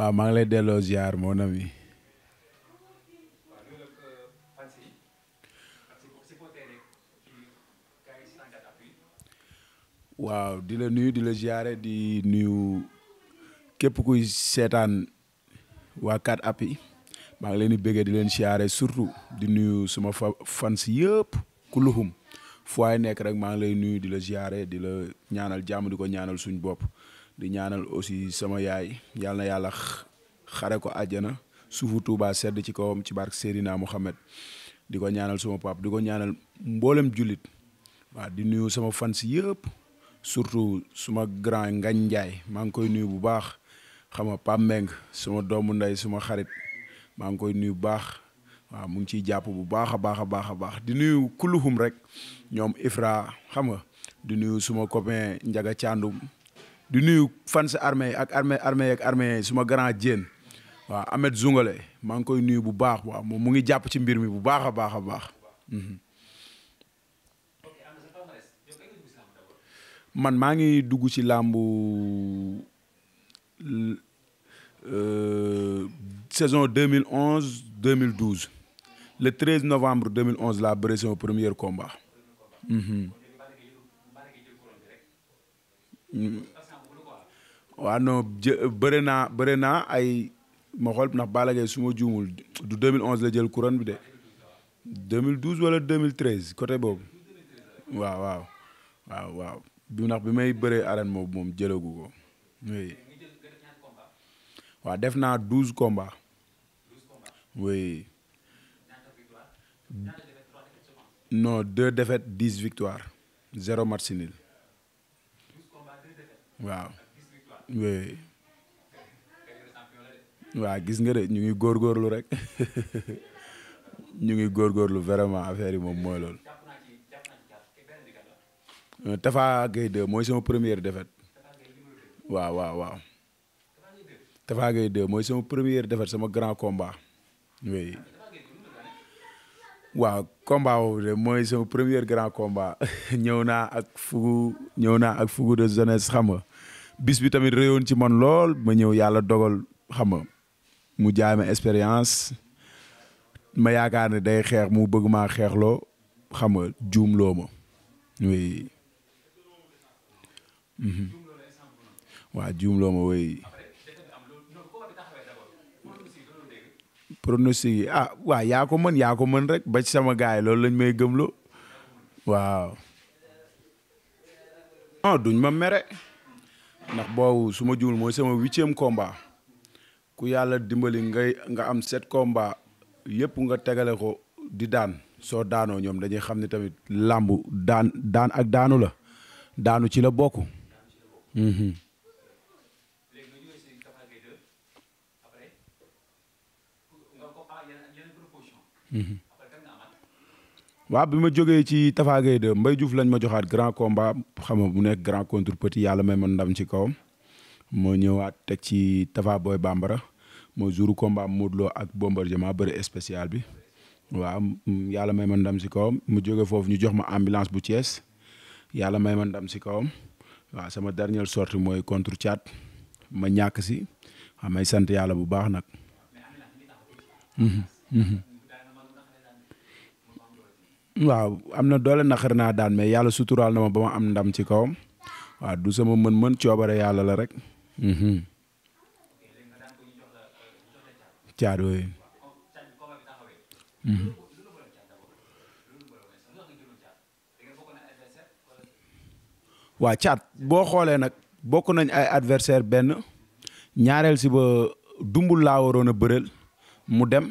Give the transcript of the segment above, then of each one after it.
waaw maa ngi lay delloo ziar mon ami waaw di la nuyu di la ziare di nuyu képp kuy seetaan waa 4appuis maa ngi leen di bëggee di leen ziare surtout di nuyu suma fa fans yëpp ku luxum fu waay nekk rek maa ngi lay nuyu di la ziare di la ñaanal jàmm di ko ñaanal suñ bopp di ñaanal aussi sama yaay yal na yàlla xare ko àjjana suufu Touba sedd ci kawam ci bark barke naa Mohamed di ko ñaanal suma pap di ko ñaanal mboolem jullit waa di nuyu sama fans yëpp surtout suma grand Ngagne Ndiaye maa ngi koy nuyu bu baax xama nga Pape suma doomu ndey suma xarit maa ngi koy nuyu bu baax waa mu ngi ciy jàpp bu baax a baax a baax a baax di nuyu kulluhum rek ñoom Ifra xam nga di nuyu suma copain Njaga Càndum di nuyu fans armée ak armée armée ak armée suma grand Diène waaw Ahmed Zoungale maa ngi koy nuyu bu baax waaw moom mu ngi jàpp ci mbir mi bu baax a baax a baax. Mhm. man maa ngi dugg ci làmbu euh, saison 2011 2012 le 13 novembre 2011 laa bëre sama premier combat. Mhm. Mm-hmm. waa non jë naa bëre naa ay ma xool ndax Balla suma su ma juumul du 2011 la jël couronne bi de 2012 wala 2013 côté boobu waaw waaw waaw waaw bi ndax bi may bëree arène boobu moom jëlagu ko oui waaw def naa 12 combats oui non deux défaites 10 victoires zéro match nul waaw. waaw gis nga de ñu ngi góorgóorlu rek ñu ngi góorgóorlu vraiment affaire yi moom mooy loolu. Euh, Tafa Gueye 2 mooy sama première défaite waaw waaw waaw première défaite sama grand combat oui waaw combat boobu de mooy sama premier grand combat ñëw naa ak fugu ñëw naa ak fugu de jeunesse xam nga bis bi tamit réyoon ci man lool ma ñëw yàlla dogal xam nga mu jaay ma expérience ma yaakaar ne day xeex mu bëgg maa xeexloo xam nga juumloo ma oui. Mhm. waa juumloo ma oui. yi ah waaw yaa ko mën yaa ko mën rek ba ci sama gaay loolu lañ may gëmloo waaw. duñ ma mere. ndax boobu su ma mooy sama huitième combat ku yàlla dimbali ngay nga am sept combat yëpp nga tegale ko di daan soo daanoo ñoom dañuy xam ne tamit làmb daan ak daanu la daanu ci la bokk. Mhm. Mhm. waaw bi ma jógee ci Tafa Gueye 2 Mbaye Diouf lañ ma joxaat grand combat xam nga mu nekk grand contre petit yàlla may ma ndam ci kawam moo ñëwaat teg ci Tafa Boy Bambara mooy jouru combat Modou ak Bombardier maa bëri bi waaw yàlla may ma ndam si kawam mu jóge foofu ñu jox ma ambulance bu Thiès yàlla may ma ndam si kawam waaw sama dernière sortie mooy contre ma ñàkk si waaw may sant yàlla bu baax nag. Mhm, mhm. waaw am na doole naqar naa daan mais yàlla suturaal na ma ba ma am ndam ci kawam waaw du sama mën-mën coobare yàlla la rek. Mhm. caado yooyu. Mhm. waa caat boo xoolee nag bokk nañ ay adversaire benn ñaareel si ba dumbul laa waroon a bëreel mu dem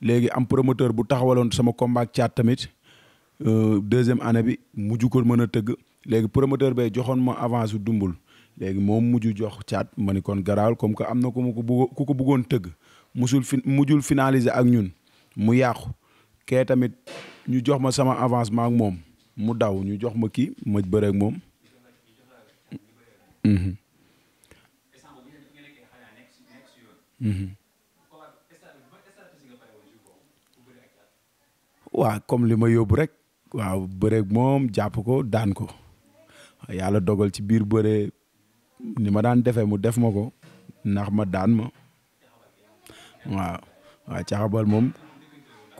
léegi am promoteur bu taxawaloon sama combat caat tamit Euh, deuxième année bi mujj ko mën a tëgg léegi promoteur bay joxoon ma avance dumbul léegi moom mujj jox caat ma ni kon garaawul comme que am na ku ma ko bëggoon ku ko bëggoon tëgg musul fi mujjul finaliser ak ñun mu yàqu kee tamit ñu jox ma sama avancement ak moom mu daw ñu jox ma ki ma bëre ak moom. Mhm. Mhm. waa comme li ma yóbbu rek waaw bëreeg moom jàpp ko daan ko yàlla dogal ci biir bëre ni ma daan defee mu def ma ko ndax ma daan ma waaw waaw caxabal moom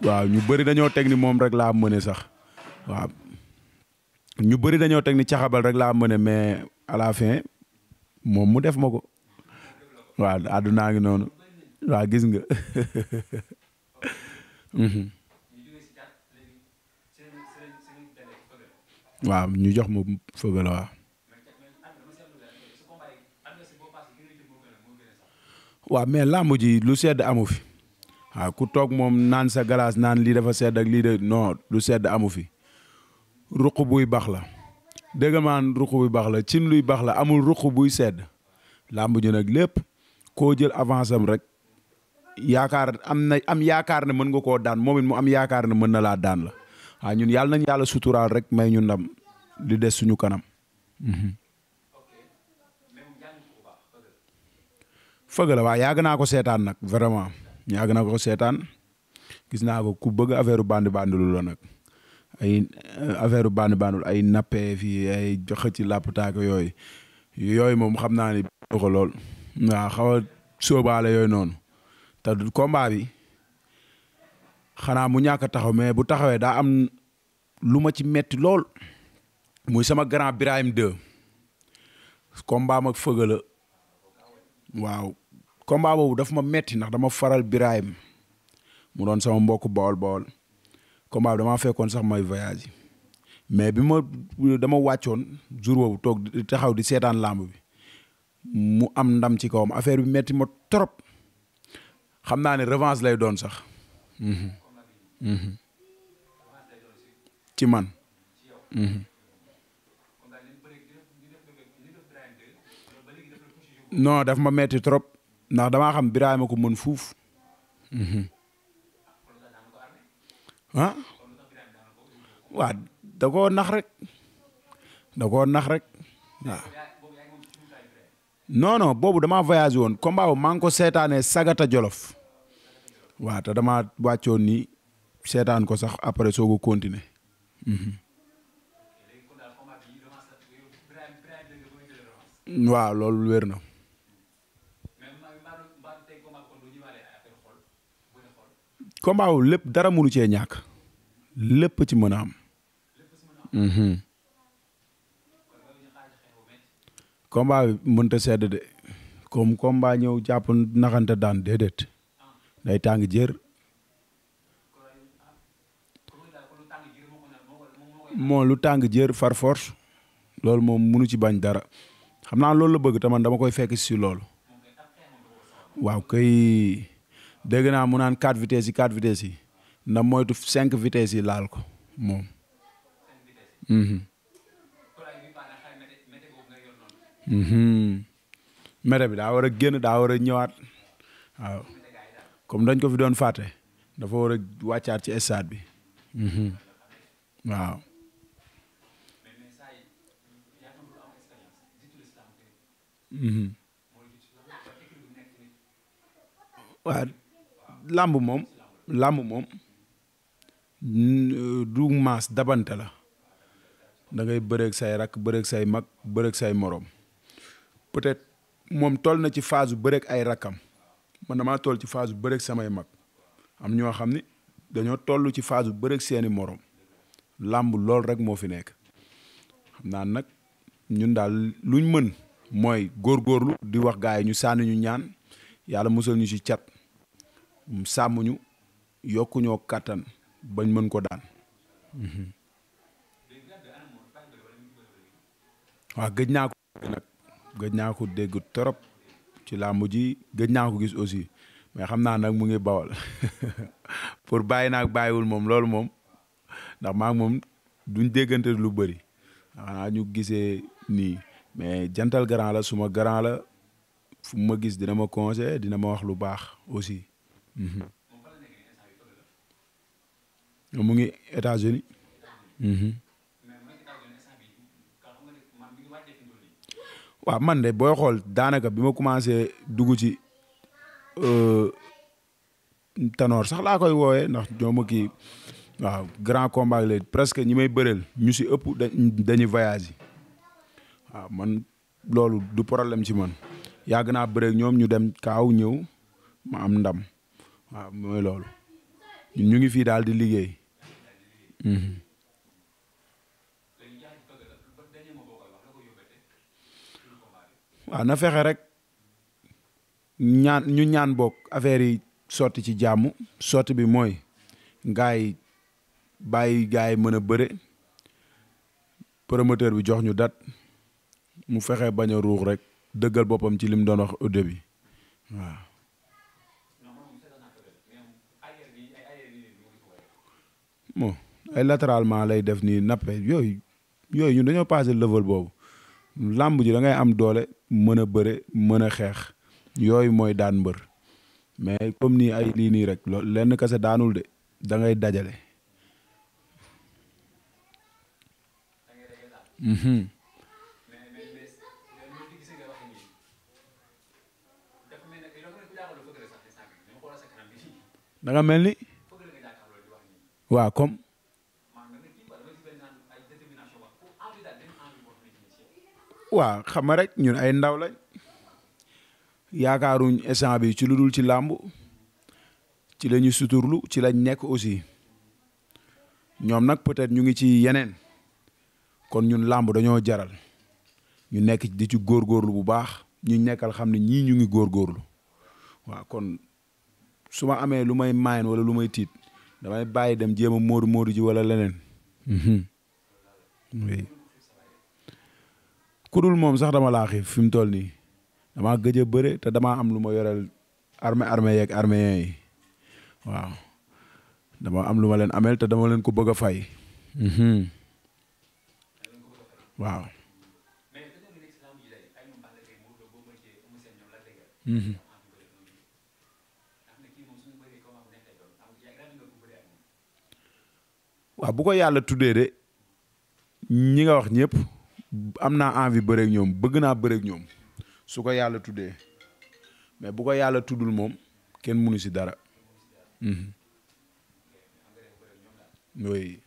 waaw ñu bëri dañoo teg ni moom rek laa mëne sax waaw ñu bëri dañoo teg ni caxabal rek laa mëne mais à fin moom mu def ma ko waaw àddunaa ngi noonu waaw gis nga mhm. waaw ñu jox ma Feugueleu waaw. waaw mais làmb ji lu sedd amu fi. waaw ku toog moom naan sa galaas naan lii dafa sedd ak lii de non lu sedd amu fi. ruq buy baax la. dégg maan ruq buy baax la cin luy baax la amul ruq buy sedd. làmb ji nag lépp koo jël avance am rek yaakaar am na am yaakaar ne mën nga koo daan moom it mu am yaakaar ne mën na laa daan la. ah ñun yàlla nañ yàlla suturaal rek may ñu ndam li des suñu kanam. fëgg waa waaw yàgg naa ko seetaan nag vraiment yàgg naa ko seetaan gis naa ko ku bëgg affaire bandi bandilu la nag ay eh, affaire bandi bandul ay nappee fi ay xëcc ci làpptaak yooyu yooyu moom xam naa ni ko lool. waaw xaw a sóobaale yooyu noonu te combat bi. xanaa mu ñàkk taxaw mais bu taxawee daa am lu ma ci metti lool muy sama grand Birahim 2 combat mag fëgala waaw combat boobu daf ma metti ndax dama faral Birahim mu doon sama mbokk Bawol Bawol combat bi damaa fekkoon sax may voyage mais bi ma dama wàccoon jour boobu toog taxaw di seetaan làmb bi mu am ndam ci kawam affaire bi metti ma trop xam naa ne revanche lay doon sax mhm. Mhm. ci man. Mhm. non daf ma metti trop ndax damaa xam Birame ko mën fuuf. ah mhm. waa da koo rek da koo nax rek waaw non boobu damaa voyagé woon combat maa ngi ko seetaanee Sagata Jolof waaw te damaa wàccoon seetaan ko sax après soo ko mhm. waaw loolu wér na. combat wu lépp dara mënu cee ñàkk lépp ci mën a am. Mhm. combat bi mënta sedd de comme combat ñëw jàpp naxante daan déedéet day tàng jër. moo lu tàng jër far force loolu moom munu ci bañ dara xam naa loolu la bëgg te man koy fekk si loolu waaw kay dégg naa mu naan quatre vitesses yi quatre vitesses yi na tu cinq vitesses yi laal ko moom. météo mhm. mhm. bi daa war a génn daa war a ñëwaat waaw comme dañ ko fi doon fàtte dafa war a wàccaat ci stade bi mhm. waaw. Mhm. waaw làmb moom làmb moom du maas dabante la da ngay bëreeg say rakk bëreeg say mag bëreeg say moroom peut-être moom toll na ci phase bëreeg ay rakkam man damaa toll ci phase bëreeg samay mag am ñoo xam ni dañoo toll ci phase bëreeg seeni moroom làmb lool rek moo fi nekk xam naa nag ñu daal luñ mën mooy góorgóorlu di wax gars yi ñu sànni ñu ñaan yàlla musal ñu ci cat sàmm ñu yokku ñoo kàttan bañ mën ko daan. waaw gëj naa ko nag gëj dégg trop ci làmb ji gëj naa ko gis aussi mais xam naa nag mu ngi bawal pour bàyyi naag bàyyiwul moom loolu moom ndax maa ngi moom duñ déggante lu bëri xanaa ñu gisee nii. mais jantal grand la suma grand la fu ma gis dina ma conseillé dina ma wax lu baax aussi. Mhm. mu ngi États-Unis. Mhm. waaw man de booy xool daanaka bi ma commencé dugg ci euh, tanoor sax laa koy woowee ndax ñoo ma waaw grand combat la presque ñi may bëreel ñu si ëpp dañuy voyage yi waaw ah, man loolu du problème ci man yàgg naa bëreeg ñoom ñu dem kaaw ñëw ma am ndam waaw ah, mooy loolu ñu ngi fii daal di liggéey. waaw mhm. ah, na fexe rek ñaan ñu ñaan bokk affaire yi sotti ci jàmm sotti bi mooy gars yi bàyyi gars mën a bëre promoteur bi jox ñu dat mu fexe bañ a ruux rek dëggal boppam ci li mu doon wax au début waaw. bon ay latéralement lay def nii nappe yooyu yooyu ñun dañoo passé level boobu làmb ji da ngay am doole mën a bëre mën a xeex yooyu mooy daan mbër mais comme nii ay lii nii rek loolu lenn kese daanul de dangay dajale. Mhm. da mel ni waa comme waaw xam rek ñun ay ndaw lañ yaakaaruñ instant bi ci lu dul ci làmb ci la ñu suturlu ci lañ nekk aussi ñoom nag peut-être ñu ngi ci yeneen kon ñun làmb dañoo jaral ñu nekk di ci góorgóorlu bu baax ñu nekkal xam ne ñii ñu ngi góorgóorlu waaw kon su ma amee lu may maayen wala lu may tiit damay bàyyi dem jéem a móodu móodu ji wala leneen. Mhm. oui. moom sax dama laa xiif fi mu toll nii damaa gëj a bëre te damaa am lu ma yoreel armée armée yeeg arméen yi dama am lu ma leen ameel te dama leen ko bëgg a fay. Mhm. waaw. Mhm. waaw bu ko yàlla tuddee de ñi nga wax ñëpp am naa envie bëreeg ñoom bëgg naa bëreeg ñoom su ko yàlla tuddee mais bu ko yàlla tuddul moom kenn mënu si dara. Mhm. oui.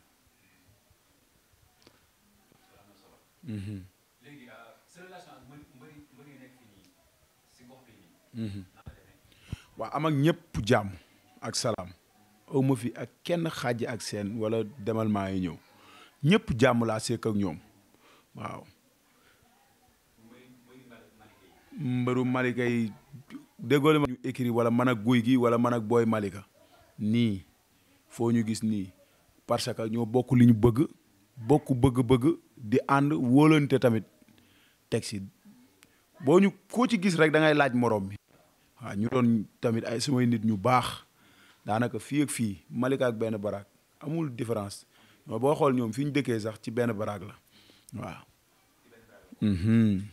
Mhm. Mhm. waaw am jàmm ak salaam. aw fii ak kenn xaj ak seen wala demal maa ngi ñëw ñëpp jàmm laa seq ak ñoom waaw. mbëru Malika yi déggoo ma ñu écrit wala mën ak guy gi wala man ak booy Malika nii foo ñu gis nii parce que ñoo bokk li bëgg bokk bëgg-bëgg di ànd wóolante tamit teg si boo ñu koo ci gis rek dangay laaj morom bi waaw ñu doon tamit ay samay nit ñu baax daanaka fii fii Malika ak benn baraag amul différence mais boo xool ñoom fi ñu dëkkee sax ci benn baraag la waaw. Mhm.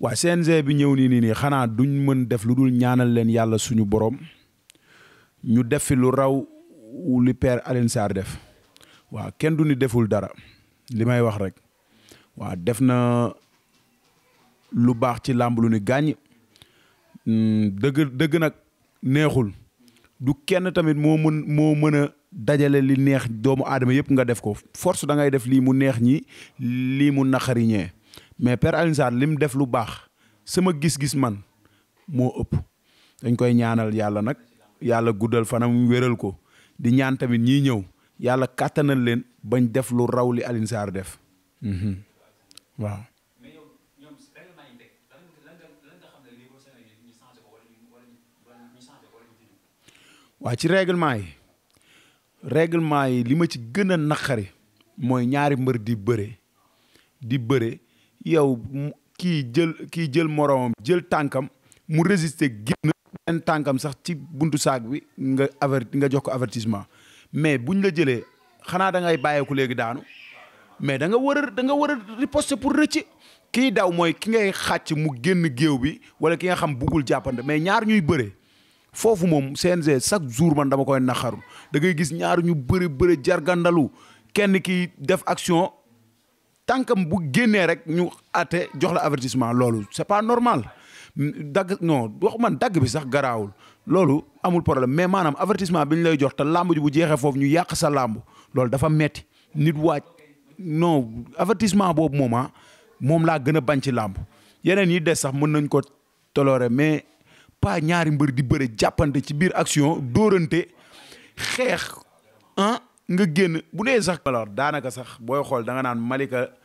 waa CNG bi ñëw nii nii nii xanaa duñ mën def lu dul ñaanal leen yàlla suñu boroom ñu def fi lu raw li père Alioune Sarr def waaw kenn du ni deful dara li may wax rek waaw def na lu baax ci làmb lu ni gàññ Hmm, dëgg dëgg nag neexul du kenn tamit moo mën moo mën a dajale li neex doomu aadama yëpp nga def ko force da ngay def lii mu neex ñi lii mu naqariñee mais Père Alioune Sarr li mu def lu baax sama gis-gis man moo ëpp dañ koy ñaanal yàlla nag yàlla guddal fanam wéral ko di ñaan tamit ñiy ñëw yàlla kàttanal leen bañ def lu raw li Alioune Sarr def hmm, hmm. waaw waa ci règlement yi règlement yi li ma ci gën a naqari mooy ñaari mbër di bëre di bëre yow kii jël kii jël morom jël tànkam mu résister génn benn tànkam sax ci buntu saag bi nga averti nga jox ko avertissement mais buñ la jëlee xanaa da ngay bàyyeeku léegi daanu mais danga nga war a da nga war a riposter pour rëcc kii daw mooy ki ngay xàcc mu génn géew bi wala ki nga xam buggul jàppante mais ñaar ñuy bëre foofu moom CNG chaque jour man dama koy naxaru da gis ñaar ñu bëri bëri jargandalu kenn ki def action tànkam bu génnee rek ñu àtte jox la avertissement loolu c'est pas normal dagg non wax man dagg bi sax garawul loolu amul problème mais maanaam avertissement bi ñu lay jox te làmb ji bu jeexee foofu ñu yàq sa làmb loolu dafa metti nit waaj no avertissement boobu moom ah, moom laa gën a bañ ci làmb yeneen yi des sax mën nañ ko toloore mais paa ñaari mbër di bëre jàppante ci biir action dóorante xeex ah nga génn bu dee sax daanaka sax booy xool danga naan Malika